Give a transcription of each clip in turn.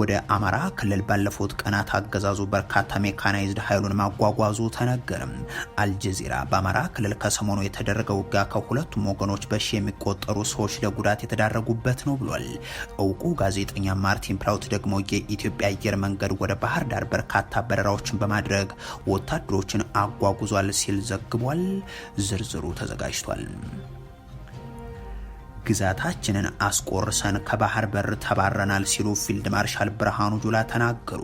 ወደ አማራ ክልል ባለፉት ቀናት አገዛዙ በርካታ ሜካናይዝድ ኃይሉን ማጓጓዙ ተነገርም። አልጀዚራ በአማራ ክልል ከሰሞኑ የተደረገ ውጋ ከሁለቱም ወገኖች በሺ የሚቆጠሩ ሰዎች ለጉዳት የተዳረጉበት ነው ብሏል። እውቁ ጋዜጠኛ ማርቲን ፕራውት ደግሞ የኢትዮጵያ አየር መንገድ ወደ ባህር ዳር በርካታ በረራዎችን በማድረግ ወታደሮችን አጓጉዟል ሲል ዘግቧል። ዝርዝሩ ተዘጋጅቷል። ግዛታችንን አስቆርሰን ከባህር በር ተባረናል ሲሉ ፊልድ ማርሻል ብርሃኑ ጁላ ተናገሩ።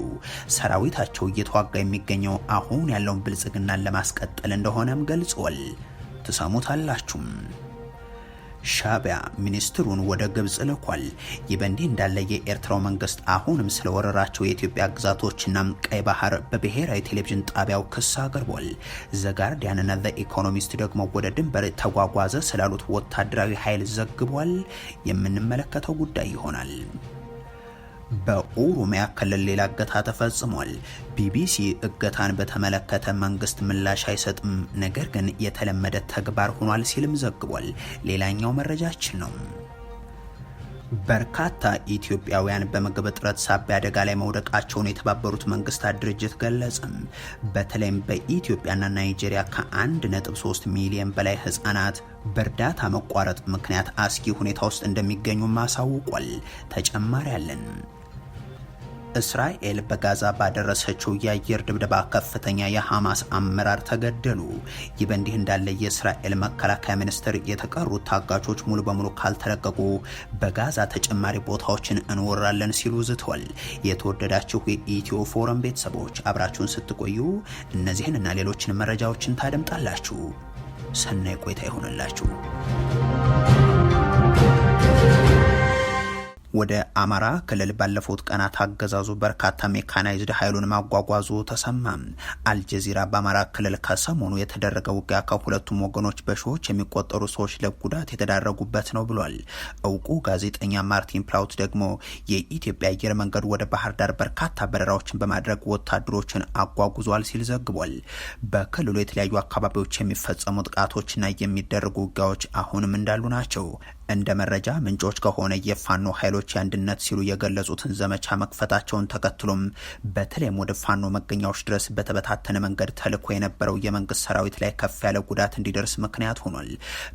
ሰራዊታቸው እየተዋጋ የሚገኘው አሁን ያለውን ብልጽግናን ለማስቀጠል እንደሆነም ገልጿል። ትሰሙታላችሁም። ሻቢያ ሚኒስትሩን ወደ ግብጽ ልኳል። ይህ በእንዲህ እንዳለ የኤርትራው መንግስት አሁንም ስለወረራቸው የኢትዮጵያ ግዛቶችና ቀይ ባህር በብሔራዊ ቴሌቪዥን ጣቢያው ክስ አቅርቧል። ዘጋርዲያንና ዘኢኮኖሚስት ደግሞ ወደ ድንበር ተጓጓዘ ስላሉት ወታደራዊ ኃይል ዘግቧል። የምንመለከተው ጉዳይ ይሆናል። በኦሮሚያ ክልል ሌላ እገታ ተፈጽሟል። ቢቢሲ እገታን በተመለከተ መንግስት ምላሽ አይሰጥም፣ ነገር ግን የተለመደ ተግባር ሆኗል ሲልም ዘግቧል። ሌላኛው መረጃችን ነው። በርካታ ኢትዮጵያውያን በምግብ እጥረት ሳቢያ አደጋ ላይ መውደቃቸውን የተባበሩት መንግስታት ድርጅት ገለጽም። በተለይም በኢትዮጵያና ናይጄሪያ ከ1.3 ሚሊዮን በላይ ህጻናት በእርዳታ መቋረጥ ምክንያት አስጊ ሁኔታ ውስጥ እንደሚገኙም አሳውቋል። ተጨማሪ አለን። እስራኤል በጋዛ ባደረሰችው የአየር ድብደባ ከፍተኛ የሐማስ አመራር ተገደሉ። ይህ በእንዲህ እንዳለ የእስራኤል መከላከያ ሚኒስትር የተቀሩት ታጋቾች ሙሉ በሙሉ ካልተለቀቁ በጋዛ ተጨማሪ ቦታዎችን እንወራለን ሲሉ ዝቷል። የተወደዳችሁ የኢትዮ ፎረም ቤተሰቦች አብራችሁን ስትቆዩ እነዚህን እና ሌሎችን መረጃዎችን ታደምጣላችሁ። ሰናይ ቆይታ ይሆንላችሁ። ወደ አማራ ክልል ባለፉት ቀናት አገዛዙ በርካታ ሜካናይዝድ ኃይሉን ማጓጓዙ ተሰማ። አልጀዚራ በአማራ ክልል ከሰሞኑ የተደረገ ውጊያ ከሁለቱም ወገኖች በሺዎች የሚቆጠሩ ሰዎች ለጉዳት የተዳረጉበት ነው ብሏል። እውቁ ጋዜጠኛ ማርቲን ፕላውት ደግሞ የኢትዮጵያ አየር መንገድ ወደ ባህር ዳር በርካታ በረራዎችን በማድረግ ወታደሮችን አጓጉዟል ሲል ዘግቧል። በክልሉ የተለያዩ አካባቢዎች የሚፈጸሙ ጥቃቶችና የሚደረጉ ውጊያዎች አሁንም እንዳሉ ናቸው። እንደ መረጃ ምንጮች ከሆነ የፋኖ ኃይሎች የአንድነት ሲሉ የገለጹትን ዘመቻ መክፈታቸውን ተከትሎም በተለይም ወደ ፋኖ መገኛዎች ድረስ በተበታተነ መንገድ ተልኮ የነበረው የመንግስት ሰራዊት ላይ ከፍ ያለ ጉዳት እንዲደርስ ምክንያት ሆኗል።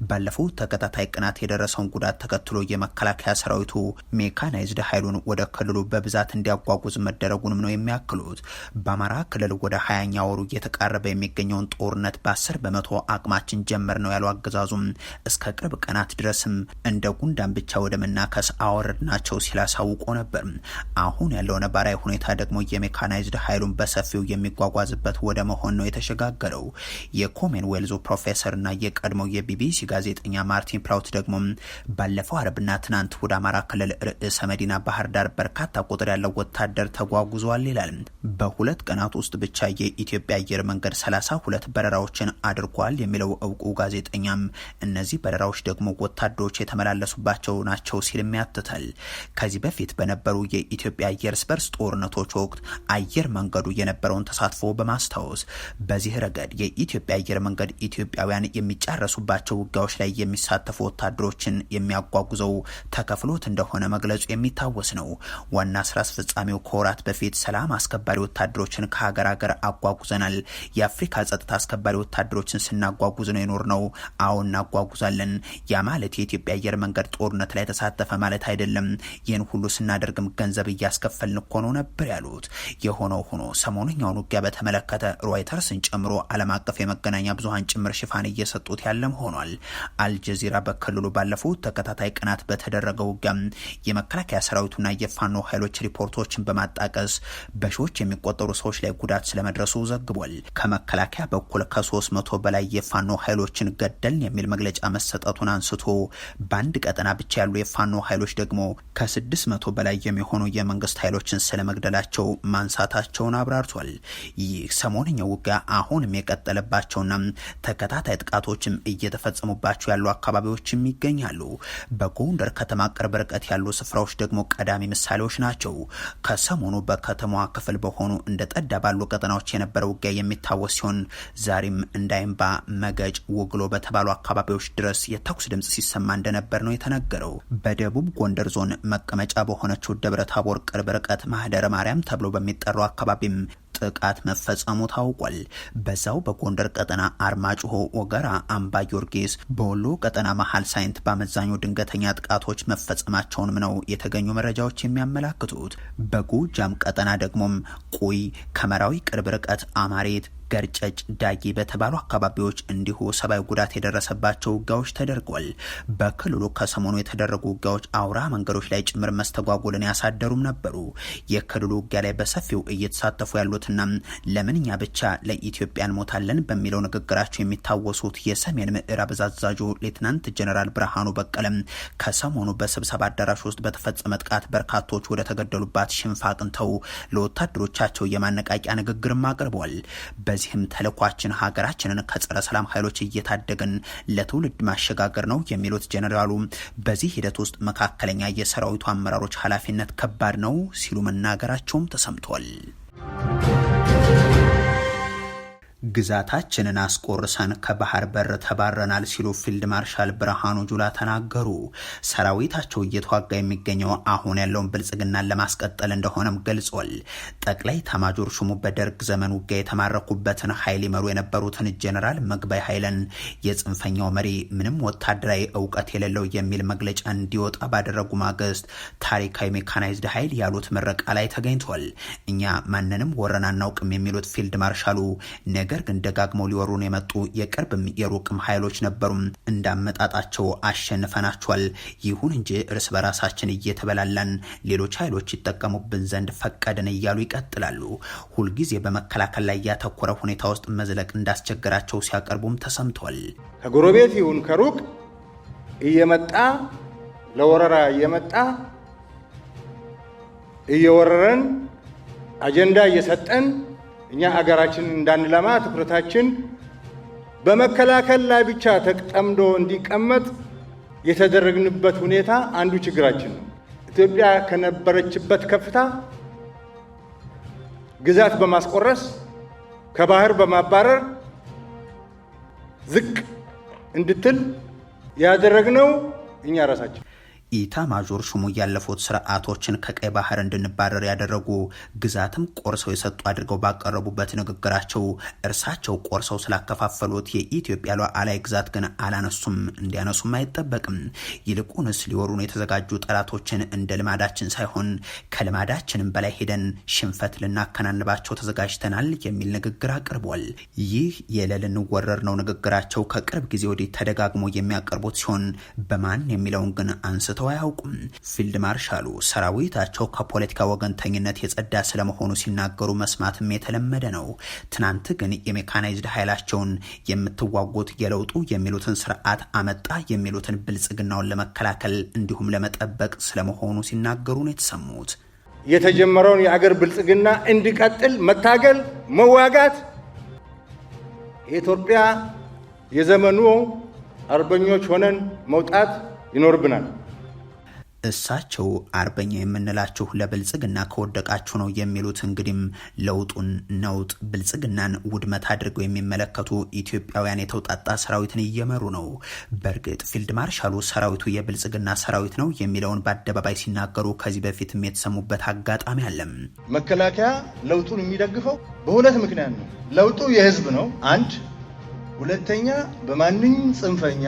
ባለፈው ተከታታይ ቀናት የደረሰውን ጉዳት ተከትሎ የመከላከያ ሰራዊቱ ሜካናይዝድ ኃይሉን ወደ ክልሉ በብዛት እንዲያጓጉዝ መደረጉንም ነው የሚያክሉት። በአማራ ክልል ወደ ሀያኛ ወሩ እየተቃረበ የሚገኘውን ጦርነት በአስር በመቶ አቅማችን ጀመር ነው ያሉ አገዛዙም እስከ ቅርብ ቀናት ድረስም እንደ ጉንዳን ብቻ ወደ መናከስ አወረድ ናቸው ሲል አሳውቆ ነበር። አሁን ያለው ነባራዊ ሁኔታ ደግሞ የሜካናይዝድ ኃይሉን በሰፊው የሚጓጓዝበት ወደ መሆን ነው የተሸጋገረው። የኮሜን ዌልዙ ፕሮፌሰርና የቀድሞው የቢቢሲ ጋዜጠኛ ማርቲን ፕራውት ደግሞ ባለፈው አረብና ትናንት ወደ አማራ ክልል ርዕሰ መዲና ባህር ዳር በርካታ ቁጥር ያለው ወታደር ተጓጉዟል ይላል። በሁለት ቀናት ውስጥ ብቻ የኢትዮጵያ አየር መንገድ ሰላሳ ሁለት በረራዎችን አድርጓል የሚለው እውቁ ጋዜጠኛም እነዚህ በረራዎች ደግሞ ወታደሮች የተመላለሱባቸው ናቸው ሲልም ያትታል። ከዚህ በፊት በነበሩ የኢትዮጵያ አየር በርስ ጦርነቶች ወቅት አየር መንገዱ የነበረውን ተሳትፎ በማስታወስ በዚህ ረገድ የኢትዮጵያ አየር መንገድ ኢትዮጵያውያን የሚጫረሱባቸው ውጊያዎች ላይ የሚሳተፉ ወታደሮችን የሚያጓጉዘው ተከፍሎት እንደሆነ መግለጹ የሚታወስ ነው። ዋና ስራ አስፈጻሚው ከወራት በፊት ሰላም አስከባሪ ወታደሮችን ከሀገር ሀገር አጓጉዘናል። የአፍሪካ ጸጥታ አስከባሪ ወታደሮችን ስናጓጉዝ ነው የኖር ነው። አሁን እናጓጉዛለን። ያ ማለት የኢትዮጵያ የአየር መንገድ ጦርነት ላይ ተሳተፈ ማለት አይደለም። ይህን ሁሉ ስናደርግም ገንዘብ እያስከፈልን እኮ ነው ነበር ያሉት። የሆነው ሆኖ ሰሞኑኛውን ውጊያ በተመለከተ ሮይተርስን ጨምሮ ዓለም አቀፍ የመገናኛ ብዙሀን ጭምር ሽፋን እየሰጡት ያለም ሆኗል። አልጀዚራ በክልሉ ባለፉት ተከታታይ ቀናት በተደረገ ውጊያ የመከላከያ ሰራዊቱና የፋኖ ኃይሎች ሪፖርቶችን በማጣቀስ በሺዎች የሚቆጠሩ ሰዎች ላይ ጉዳት ስለመድረሱ ዘግቧል። ከመከላከያ በኩል ከሶስት መቶ በላይ የፋኖ ኃይሎችን ገደልን የሚል መግለጫ መሰጠቱን አንስቶ በአንድ ቀጠና ብቻ ያሉ የፋኖ ኃይሎች ደግሞ ከስድስት መቶ በላይ የሚሆኑ የመንግስት ኃይሎችን ስለመግደላቸው ማንሳታቸውን አብራርቷል። ይህ ሰሞንኛው ውጊያ አሁንም የቀጠለባቸውና ተከታታይ ጥቃቶችም እየተፈጸሙባቸው ያሉ አካባቢዎችም ይገኛሉ። በጎንደር ከተማ ቅርብ ርቀት ያሉ ስፍራዎች ደግሞ ቀዳሚ ምሳሌዎች ናቸው። ከሰሞኑ በከተማዋ ክፍል በሆኑ እንደ ጠዳ ባሉ ቀጠናዎች የነበረ ውጊያ የሚታወስ ሲሆን ዛሬም እንዳይምባ፣ መገጭ፣ ውግሎ በተባሉ አካባቢዎች ድረስ የተኩስ ድምጽ ሲሰማ እንደነበ እንደነበር ነው የተነገረው። በደቡብ ጎንደር ዞን መቀመጫ በሆነችው ደብረ ታቦር ቅርብ ርቀት ማህደረ ማርያም ተብሎ በሚጠራው አካባቢም ጥቃት መፈጸሙ ታውቋል። በዛው በጎንደር ቀጠና አርማጭሆ፣ ወገራ፣ አምባ ጊዮርጊስ፣ በወሎ ቀጠና መሀል ሳይንት በአመዛኙ ድንገተኛ ጥቃቶች መፈጸማቸውንም ነው የተገኙ መረጃዎች የሚያመላክቱት። በጎጃም ቀጠና ደግሞም ቁይ፣ ከመራዊ ቅርብ ርቀት አማሬት ገርጨጭ፣ ዳጊ በተባሉ አካባቢዎች እንዲሁ ሰብአዊ ጉዳት የደረሰባቸው ውጊያዎች ተደርጓል። በክልሉ ከሰሞኑ የተደረጉ ውጊያዎች አውራ መንገዶች ላይ ጭምር መስተጓጎልን ያሳደሩም ነበሩ። የክልሉ ውጊያ ላይ በሰፊው እየተሳተፉ ያሉትና ለምንኛ ብቻ ለኢትዮጵያ እንሞታለን በሚለው ንግግራቸው የሚታወሱት የሰሜን ምዕራብ እዝ አዛዡ ሌትናንት ጀነራል ብርሃኑ በቀለም ከሰሞኑ በስብሰባ አዳራሽ ውስጥ በተፈጸመ ጥቃት በርካቶች ወደ ተገደሉባት ሽንፋ አቅንተው ለወታደሮቻቸው የማነቃቂያ ንግግርም አቅርበዋል። በዚህም ተልኳችን ሀገራችንን ከጸረ ሰላም ኃይሎች እየታደግን ለትውልድ ማሸጋገር ነው የሚሉት ጀኔራሉ በዚህ ሂደት ውስጥ መካከለኛ የሰራዊቱ አመራሮች ኃላፊነት ከባድ ነው ሲሉ መናገራቸውም ተሰምቷል። ግዛታችንን አስቆርሰን ከባህር በር ተባረናል ሲሉ ፊልድ ማርሻል ብርሃኑ ጁላ ተናገሩ። ሰራዊታቸው እየተዋጋ የሚገኘው አሁን ያለውን ብልጽግናን ለማስቀጠል እንደሆነም ገልጿል። ጠቅላይ ተማጆር ሹሙ በደርግ ዘመን ውጊያ የተማረኩበትን ኃይል ይመሩ የነበሩትን ጄኔራል መግባይ ኃይለን የጽንፈኛው መሪ ምንም ወታደራዊ እውቀት የሌለው የሚል መግለጫ እንዲወጣ ባደረጉ ማግስት ታሪካዊ ሜካናይዝድ ኃይል ያሉት ምረቃ ላይ ተገኝቷል። እኛ ማንንም ወረን አናውቅም የሚሉት ፊልድ ማርሻሉ ነገር ግን ደጋግመው ሊወሩን የመጡ የቅርብም የሩቅም ኃይሎች ነበሩም። እንዳመጣጣቸው አሸንፈናቸዋል። ይሁን እንጂ እርስ በራሳችን እየተበላላን ሌሎች ኃይሎች ይጠቀሙብን ዘንድ ፈቀድን እያሉ ይቀጥላሉ። ሁልጊዜ በመከላከል ላይ ያተኮረ ሁኔታ ውስጥ መዝለቅ እንዳስቸገራቸው ሲያቀርቡም ተሰምቷል። ከጎረቤት ይሁን ከሩቅ እየመጣ ለወረራ እየመጣ እየወረረን አጀንዳ እየሰጠን እኛ አገራችን እንዳንለማ ትኩረታችን በመከላከል ላይ ብቻ ተጠምዶ እንዲቀመጥ የተደረግንበት ሁኔታ አንዱ ችግራችን ነው። ኢትዮጵያ ከነበረችበት ከፍታ ግዛት በማስቆረስ ከባህር በማባረር ዝቅ እንድትል ያደረግነው እኛ ራሳችን ኢታማዦር ሹሙ ያለፉት ስርዓቶችን ከቀይ ባህር እንድንባረር ያደረጉ ግዛትም ቆርሰው የሰጡ አድርገው ባቀረቡበት ንግግራቸው እርሳቸው ቆርሰው ስላከፋፈሉት የኢትዮጵያ ሉዓላዊ ግዛት ግን አላነሱም፣ እንዲያነሱም አይጠበቅም። ይልቁንስ ሊወሩን የተዘጋጁ ጠላቶችን እንደ ልማዳችን ሳይሆን ከልማዳችንም በላይ ሄደን ሽንፈት ልናከናንባቸው ተዘጋጅተናል የሚል ንግግር አቅርቧል። ይህ የለል ነው ንግግራቸው ከቅርብ ጊዜ ወዲህ ተደጋግሞ የሚያቀርቡት ሲሆን በማን የሚለውን ግን አንስ አንስተው አያውቁም። ፊልድ ማርሻሉ ሰራዊታቸው ከፖለቲካ ወገንተኝነት የጸዳ ስለመሆኑ ሲናገሩ መስማትም የተለመደ ነው። ትናንት ግን የሜካናይዝድ ኃይላቸውን የምትዋጉት የለውጡ የሚሉትን ስርዓት አመጣ የሚሉትን ብልጽግናውን ለመከላከል እንዲሁም ለመጠበቅ ስለመሆኑ ሲናገሩ ነው የተሰሙት። የተጀመረውን የአገር ብልጽግና እንዲቀጥል መታገል፣ መዋጋት የኢትዮጵያ የዘመኑ አርበኞች ሆነን መውጣት ይኖርብናል። እሳቸው አርበኛ የምንላችሁ ለብልጽግና ከወደቃችሁ ነው የሚሉት። እንግዲህም ለውጡን ነውጥ ብልጽግናን ውድመት አድርገው የሚመለከቱ ኢትዮጵያውያን የተውጣጣ ሰራዊትን እየመሩ ነው። በእርግጥ ፊልድ ማርሻሉ ሰራዊቱ የብልጽግና ሰራዊት ነው የሚለውን በአደባባይ ሲናገሩ ከዚህ በፊትም የተሰሙበት አጋጣሚ አለም። መከላከያ ለውጡን የሚደግፈው በሁለት ምክንያት ነው። ለውጡ የህዝብ ነው አንድ፣ ሁለተኛ በማንኝ ጽንፈኛ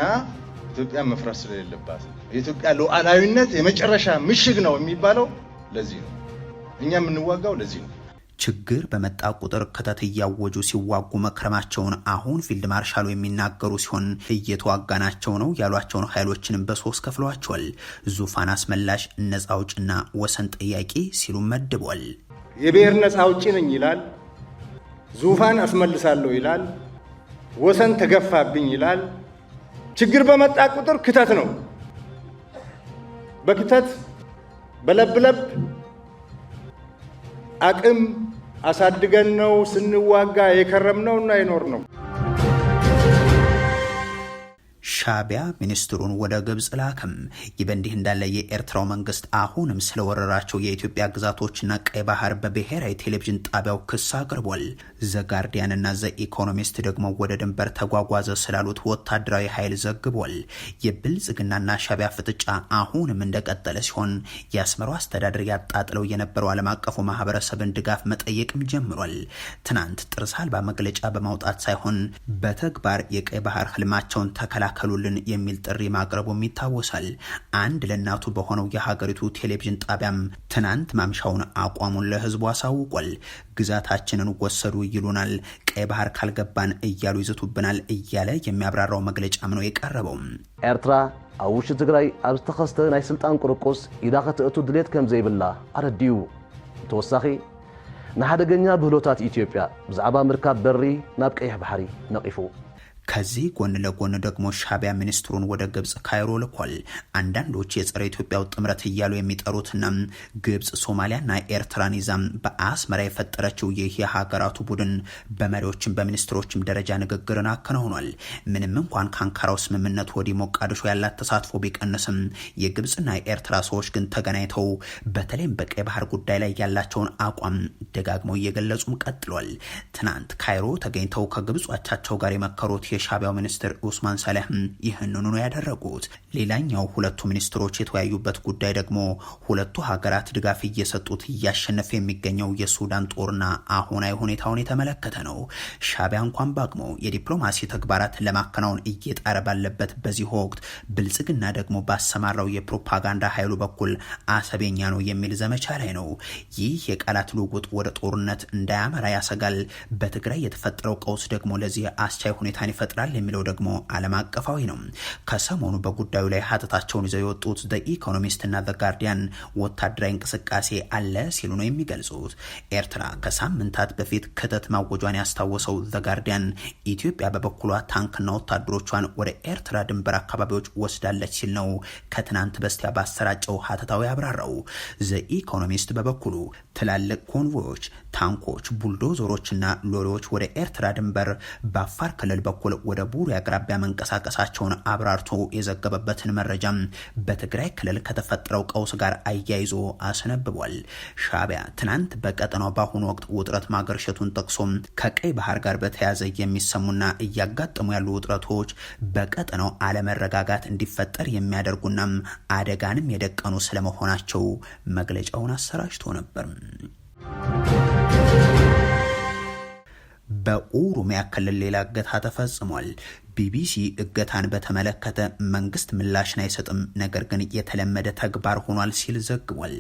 ኢትዮጵያ መፍረስ ስለሌለባት የኢትዮጵያ ሉዓላዊነት የመጨረሻ ምሽግ ነው የሚባለው ለዚህ ነው። እኛ የምንዋጋው ለዚህ ነው። ችግር በመጣ ቁጥር ክተት እያወጁ ሲዋጉ መክረማቸውን አሁን ፊልድ ማርሻሉ የሚናገሩ ሲሆን እየተዋጋናቸው ነው ያሏቸውን ኃይሎችንም በሶስት ከፍለዋቸዋል። ዙፋን አስመላሽ፣ ነፃ አውጭና ወሰን ጠያቂ ሲሉ መድቧል። የብሔር ነፃ አውጪ ነኝ ይላል፣ ዙፋን አስመልሳለሁ ይላል፣ ወሰን ተገፋብኝ ይላል። ችግር በመጣ ቁጥር ክተት ነው። በክተት በለብለብ አቅም አሳድገን ነው ስንዋጋ የከረምነውና የኖርነው። ሻቢያ ሚኒስትሩን ወደ ግብጽ ላክም። ይህ በእንዲህ እንዳለ የኤርትራው መንግስት አሁንም ስለወረራቸው የኢትዮጵያ ግዛቶችና ቀይ ባህር በብሔራዊ ቴሌቪዥን ጣቢያው ክስ አቅርቧል። ዘጋርዲያንና ዘኢኮኖሚስት ደግሞ ወደ ድንበር ተጓጓዘ ስላሉት ወታደራዊ ኃይል ዘግቧል። የብልጽግናና ሻቢያ ፍጥጫ አሁንም እንደቀጠለ ሲሆን የአስመራው አስተዳደር ያጣጥለው የነበረው ዓለም አቀፉ ማህበረሰብን ድጋፍ መጠየቅም ጀምሯል። ትናንት ጥርስ አልባ መግለጫ በማውጣት ሳይሆን በተግባር የቀይ ባህር ህልማቸውን ተከላከሉ ይከላከሉልን የሚል ጥሪ ማቅረቡም ይታወሳል። አንድ ለእናቱ በሆነው የሀገሪቱ ቴሌቪዥን ጣቢያም ትናንት ማምሻውን አቋሙን ለህዝቡ አሳውቋል። ግዛታችንን ወሰዱ ይሉናል፣ ቀይ ባህር ካልገባን እያሉ ይዘቱብናል እያለ የሚያብራራው መግለጫም ነው የቀረበው። ኤርትራ ኣብ ውሽጢ ትግራይ ኣብ ዝተኸስተ ናይ ስልጣን ቁርቁስ ኢዳ ክትእቱ ድሌት ከም ዘይብላ ኣረዲዩ ተወሳኺ ንሓደገኛ ብህሎታት ኢትዮጵያ ብዛዕባ ምርካብ በሪ ናብ ቀይሕ ባሕሪ ነቒፉ ከዚህ ጎን ለጎን ደግሞ ሻቢያ ሚኒስትሩን ወደ ግብጽ ካይሮ ልኳል። አንዳንዶች የጸረ ኢትዮጵያው ጥምረት እያሉ የሚጠሩትና ግብጽ ሶማሊያና ኤርትራን ይዛም በአስመራ የፈጠረችው ይህ የሀገራቱ ቡድን በመሪዎችም በሚኒስትሮችም ደረጃ ንግግርን አከናውኗል። ምንም እንኳን ከአንካራው ስምምነት ወዲህ ሞቃዲሾ ያላት ተሳትፎ ቢቀንስም የግብጽና የኤርትራ ሰዎች ግን ተገናኝተው በተለይም በቀይ ባህር ጉዳይ ላይ ያላቸውን አቋም ደጋግመው እየገለጹም ቀጥሏል። ትናንት ካይሮ ተገኝተው ከግብጽ አቻቸው ጋር የመከሩት የሻቢያው ሚኒስትር ኡስማን ሳሊህ ይህንኑ ነው ያደረጉት። ሌላኛው ሁለቱ ሚኒስትሮች የተወያዩበት ጉዳይ ደግሞ ሁለቱ ሀገራት ድጋፍ እየሰጡት እያሸነፈ የሚገኘው የሱዳን ጦርና አሁናዊ ሁኔታውን የተመለከተ ነው። ሻቢያ እንኳን ባቅሞ የዲፕሎማሲ ተግባራት ለማከናወን እየጣረ ባለበት በዚህ ወቅት ብልጽግና ደግሞ ባሰማራው የፕሮፓጋንዳ ኃይሉ በኩል አሰቤኛ ነው የሚል ዘመቻ ላይ ነው። ይህ የቃላት ልውውጥ ወደ ጦርነት እንዳያመራ ያሰጋል። በትግራይ የተፈጠረው ቀውስ ደግሞ ለዚህ አስቻይ ሁኔታን ይፈ ይፈጥራል የሚለው ደግሞ ዓለም አቀፋዊ ነው። ከሰሞኑ በጉዳዩ ላይ ሀተታቸውን ይዘው የወጡት ዘ ኢኮኖሚስትና ዘ ጋርዲያን ወታደራዊ እንቅስቃሴ አለ ሲሉ ነው የሚገልጹት። ኤርትራ ከሳምንታት በፊት ክተት ማወጇን ያስታወሰው ዘ ጋርዲያን ኢትዮጵያ በበኩሏ ታንክና ወታደሮቿን ወደ ኤርትራ ድንበር አካባቢዎች ወስዳለች ሲል ነው ከትናንት በስቲያ ባሰራጨው ሀተታው ያብራራው። ዘ ኢኮኖሚስት በበኩሉ ትላልቅ ኮንቮዮች፣ ታንኮች፣ ቡልዶዘሮችና ሎሪዎች ወደ ኤርትራ ድንበር በአፋር ክልል በኩል በኩል ወደ ቡሪ አቅራቢያ መንቀሳቀሳቸውን አብራርቶ የዘገበበትን መረጃ በትግራይ ክልል ከተፈጠረው ቀውስ ጋር አያይዞ አስነብቧል። ሻቢያ ትናንት በቀጠናው በአሁኑ ወቅት ውጥረት ማገርሸቱን ጠቅሶ ከቀይ ባህር ጋር በተያያዘ የሚሰሙና እያጋጠሙ ያሉ ውጥረቶች በቀጠናው አለመረጋጋት እንዲፈጠር የሚያደርጉና አደጋንም የደቀኑ ስለመሆናቸው መግለጫውን አሰራጭቶ ነበር። በኦሮሚያ ክልል ሌላ እገታ ተፈጽሟል። ቢቢሲ እገታን በተመለከተ መንግስት ምላሽን አይሰጥም፣ ነገር ግን የተለመደ ተግባር ሆኗል ሲል ዘግቧል።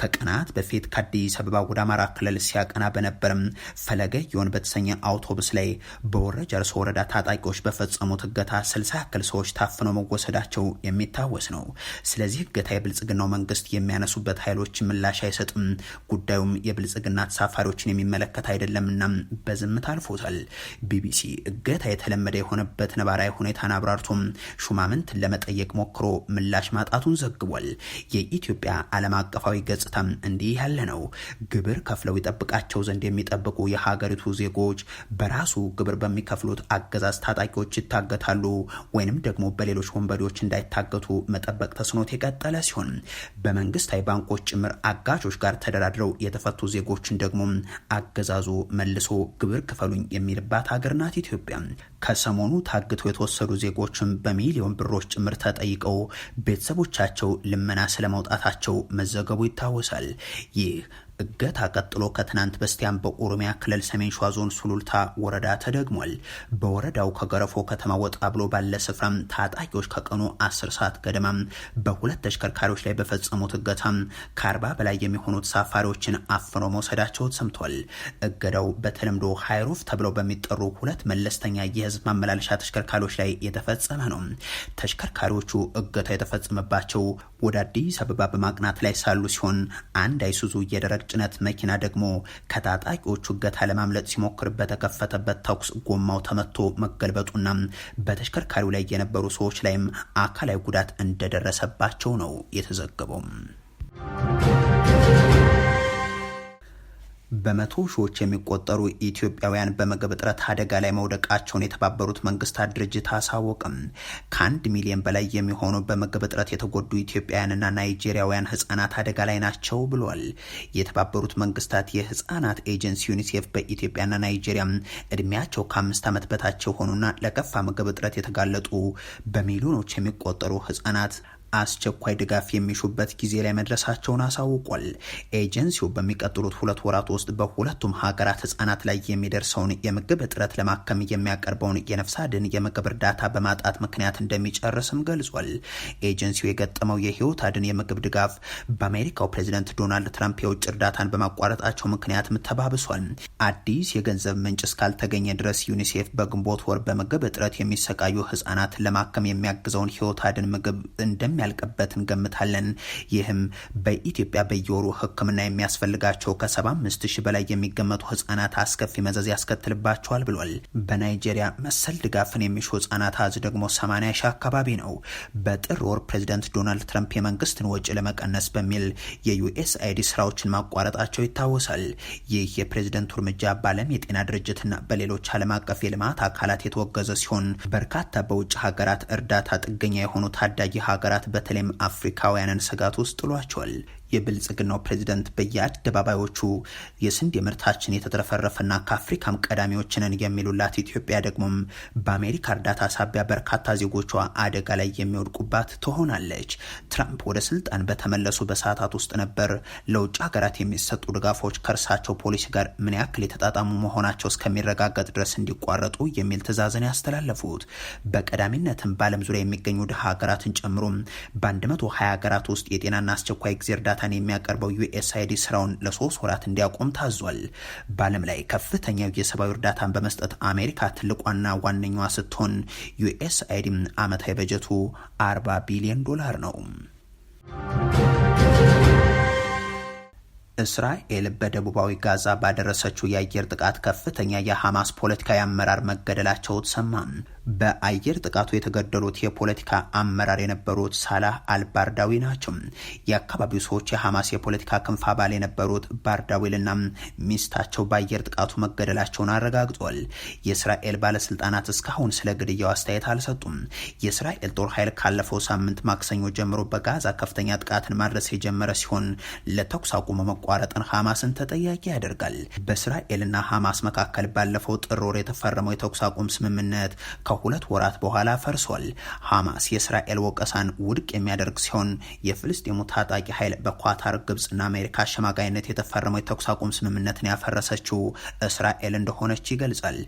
ከቀናት በፊት ከአዲስ አበባ ወደ አማራ ክልል ሲያቀና በነበርም ፈለገ ዮን በተሰኘ አውቶቡስ ላይ በወረ ጃርሶ ወረዳ ታጣቂዎች በፈጸሙት እገታ ስልሳ ያክል ሰዎች ታፍነው መወሰዳቸው የሚታወስ ነው። ስለዚህ እገታ የብልጽግናው መንግስት የሚያነሱበት ኃይሎች ምላሽ አይሰጥም፣ ጉዳዩም የብልጽግና ተሳፋሪዎችን የሚመለከት አይደለምና በዝምታ አልፎታል። ቢቢሲ እገታ የተለመደ የሆነበት ነው ነባራዊ ሁኔታን አብራርቶም ሹማምንትን ለመጠየቅ ሞክሮ ምላሽ ማጣቱን ዘግቧል። የኢትዮጵያ ዓለም አቀፋዊ ገጽታም እንዲህ ያለ ነው። ግብር ከፍለው ይጠብቃቸው ዘንድ የሚጠብቁ የሀገሪቱ ዜጎች በራሱ ግብር በሚከፍሉት አገዛዝ ታጣቂዎች ይታገታሉ ወይንም ደግሞ በሌሎች ወንበዴዎች እንዳይታገቱ መጠበቅ ተስኖት የቀጠለ ሲሆን በመንግስታዊ ባንኮች ጭምር አጋቾች ጋር ተደራድረው የተፈቱ ዜጎችን ደግሞ አገዛዙ መልሶ ግብር ክፈሉኝ የሚልባት ሀገር ናት ኢትዮጵያ። ከሰሞኑ ታግተው የተወሰዱ ዜጎችም በሚሊዮን ብሮች ጭምር ተጠይቀው ቤተሰቦቻቸው ልመና ስለመውጣታቸው መዘገቡ ይታወሳል። ይህ እገታ ቀጥሎ ከትናንት በስቲያም በኦሮሚያ ክልል ሰሜን ሸዋ ዞን ሱሉልታ ወረዳ ተደግሟል። በወረዳው ከገረፎ ከተማ ወጣ ብሎ ባለ ስፍራም ታጣቂዎች ከቀኑ አስር ሰዓት ገደማ በሁለት ተሽከርካሪዎች ላይ በፈጸሙት እገታ ከአርባ በላይ የሚሆኑ ተሳፋሪዎችን አፍኖ መውሰዳቸው ሰምቷል። እገዳው በተለምዶ ሀይሩፍ ተብለው በሚጠሩ ሁለት መለስተኛ የህዝብ ማመላለሻ ተሽከርካሪዎች ላይ የተፈጸመ ነው። ተሽከርካሪዎቹ እገታ የተፈጸመባቸው ወደ አዲስ አበባ በማቅናት ላይ ሳሉ ሲሆን አንድ አይሱዙ እየደረገ ጭነት መኪና ደግሞ ከታጣቂዎቹ እገታ ለማምለጥ ሲሞክር በተከፈተበት ተኩስ ጎማው ተመቶ መገልበጡና በተሽከርካሪው ላይ የነበሩ ሰዎች ላይም አካላዊ ጉዳት እንደደረሰባቸው ነው የተዘገበው። በመቶ ሺዎች የሚቆጠሩ ኢትዮጵያውያን በምግብ እጥረት አደጋ ላይ መውደቃቸውን የተባበሩት መንግስታት ድርጅት አሳወቅም። ከአንድ ሚሊዮን በላይ የሚሆኑ በምግብ እጥረት የተጎዱ ኢትዮጵያውያንና ናይጄሪያውያን ህጻናት አደጋ ላይ ናቸው ብሏል። የተባበሩት መንግስታት የህጻናት ኤጀንሲ ዩኒሴፍ በኢትዮጵያና ናይጄሪያ እድሜያቸው ከአምስት ዓመት በታች የሆኑና ለከፋ ምግብ እጥረት የተጋለጡ በሚሊዮኖች የሚቆጠሩ ህጻናት አስቸኳይ ድጋፍ የሚሹበት ጊዜ ላይ መድረሳቸውን አሳውቋል። ኤጀንሲው በሚቀጥሉት ሁለት ወራት ውስጥ በሁለቱም ሀገራት ህጻናት ላይ የሚደርሰውን የምግብ እጥረት ለማከም የሚያቀርበውን የነፍስ አድን የምግብ እርዳታ በማጣት ምክንያት እንደሚጨርስም ገልጿል። ኤጀንሲው የገጠመው የህይወት አድን የምግብ ድጋፍ በአሜሪካው ፕሬዚደንት ዶናልድ ትራምፕ የውጭ እርዳታን በማቋረጣቸው ምክንያትም ተባብሷል። አዲስ የገንዘብ ምንጭ እስካልተገኘ ድረስ ዩኒሴፍ በግንቦት ወር በምግብ እጥረት የሚሰቃዩ ህጻናት ለማከም የሚያግዘውን ህይወት አድን ምግብ እንደሚያ እንደሚያልቅበት እንገምታለን። ይህም በኢትዮጵያ በየወሩ ሕክምና የሚያስፈልጋቸው ከ75 ሺህ በላይ የሚገመቱ ህጻናት አስከፊ መዘዝ ያስከትልባቸዋል ብሏል። በናይጄሪያ መሰል ድጋፍን የሚሹ ህጻናት አዝ ደግሞ 80 ሺህ አካባቢ ነው። በጥር ወር ፕሬዚደንት ዶናልድ ትራምፕ የመንግስትን ወጪ ለመቀነስ በሚል የዩኤስ አይዲ ስራዎችን ማቋረጣቸው ይታወሳል። ይህ የፕሬዝደንቱ እርምጃ በዓለም የጤና ድርጅትና በሌሎች ዓለም አቀፍ የልማት አካላት የተወገዘ ሲሆን በርካታ በውጭ ሀገራት እርዳታ ጥገኛ የሆኑ ታዳጊ ሀገራት በተለይም አፍሪካውያንን ስጋት ውስጥ ጥሏቸዋል። የብልጽግናው ፕሬዚደንት በየአደባባዮቹ የስንዴ ምርታችን የተትረፈረፈና ከአፍሪካም ቀዳሚዎችንን የሚሉላት ኢትዮጵያ ደግሞም በአሜሪካ እርዳታ ሳቢያ በርካታ ዜጎቿ አደጋ ላይ የሚወድቁባት ትሆናለች። ትራምፕ ወደ ስልጣን በተመለሱ በሰዓታት ውስጥ ነበር ለውጭ ሀገራት የሚሰጡ ድጋፎች ከእርሳቸው ፖሊሲ ጋር ምን ያክል የተጣጣሙ መሆናቸው እስከሚረጋገጥ ድረስ እንዲቋረጡ የሚል ትዕዛዝን ያስተላለፉት። በቀዳሚነትም በዓለም ዙሪያ የሚገኙ ድሃ ሀገራትን ጨምሮ በ120 ሀገራት ውስጥ የጤናና አስቸኳይ ጊዜ እርዳታ ትንታኔ የሚያቀርበው ዩኤስአይዲ ስራውን ለሶስት ወራት እንዲያቆም ታዟል። በዓለም ላይ ከፍተኛው የሰብአዊ እርዳታን በመስጠት አሜሪካ ትልቋና ዋነኛዋ ስትሆን ዩኤስአይዲም አመታዊ በጀቱ 40 ቢሊዮን ዶላር ነው። እስራኤል በደቡባዊ ጋዛ ባደረሰችው የአየር ጥቃት ከፍተኛ የሐማስ ፖለቲካዊ አመራር መገደላቸው ተሰማም። በአየር ጥቃቱ የተገደሉት የፖለቲካ አመራር የነበሩት ሳላህ አልባርዳዊ ናቸው። የአካባቢው ሰዎች የሐማስ የፖለቲካ ክንፍ አባል የነበሩት ባርዳዊልና ሚስታቸው በአየር ጥቃቱ መገደላቸውን አረጋግጧል። የእስራኤል ባለስልጣናት እስካሁን ስለ ግድያው አስተያየት አልሰጡም። የእስራኤል ጦር ኃይል ካለፈው ሳምንት ማክሰኞ ጀምሮ በጋዛ ከፍተኛ ጥቃትን ማድረስ የጀመረ ሲሆን ለተኩስ አቁሙ መቋረጥን ሐማስን ተጠያቂ ያደርጋል። በእስራኤልና ሐማስ መካከል ባለፈው ጥር ወር የተፈረመው የተኩስ አቁም ስምምነት ከ ከሁለት ወራት በኋላ ፈርሷል። ሐማስ የእስራኤል ወቀሳን ውድቅ የሚያደርግ ሲሆን የፍልስጤሙ ታጣቂ ኃይል በኳታር ግብፅና አሜሪካ አሸማጋይነት የተፈረመው የተኩስ አቁም ስምምነትን ያፈረሰችው እስራኤል እንደሆነች ይገልጻል።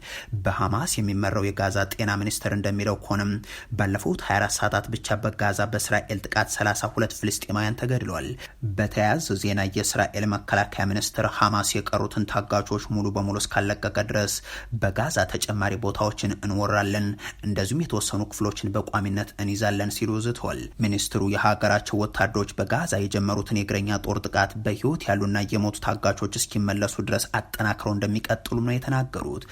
በሐማስ የሚመራው የጋዛ ጤና ሚኒስቴር እንደሚለው ከሆነም ባለፉት 24 ሰዓታት ብቻ በጋዛ በእስራኤል ጥቃት 32 ፍልስጤማውያን ተገድለዋል። በተያያዘ ዜና የእስራኤል መከላከያ ሚኒስትር ሐማስ የቀሩትን ታጋቾች ሙሉ በሙሉ እስካለቀቀ ድረስ በጋዛ ተጨማሪ ቦታዎችን እንወራለን፣ እንደዚሁም የተወሰኑ ክፍሎችን በቋሚነት እንይዛለን ሲሉ ዝተዋል። ሚኒስትሩ የሀገራቸው ወታደሮች በጋዛ የጀመሩትን የእግረኛ ጦር ጥቃት በህይወት ያሉና የሞቱ ታጋቾች እስኪመለሱ ድረስ አጠናክረው እንደሚቀጥሉም ነው የተናገሩት።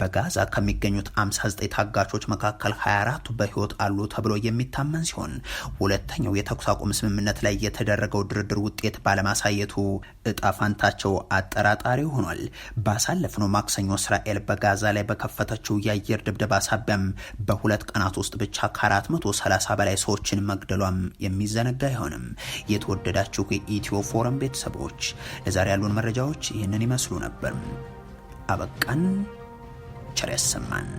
በጋዛ ከሚገኙት 59 ታጋቾች መካከል 24ቱ በህይወት አሉ ተብሎ የሚታመን ሲሆን ሁለተኛው የተኩስ አቁም ስምምነት ላይ የተደረገው ድርድር ውጤት ባለማሳየቱ እጣ ፋንታቸው አጠራጣሪ ሆኗል። ባሳለፍነው ማክሰኞ እስራኤል በጋዛ ላይ በከፈተችው የአየር ድብደባ ሳቢያም በሁለት ቀናት ውስጥ ብቻ ከ430 በላይ ሰዎችን መግደሏም የሚዘነጋ አይሆንም። የተወደዳችሁ የኢትዮ ፎረም ቤተሰቦች ለዛሬ ያሉን መረጃዎች ይህንን ይመስሉ ነበር። አበቃን። ቸር ያሰማን።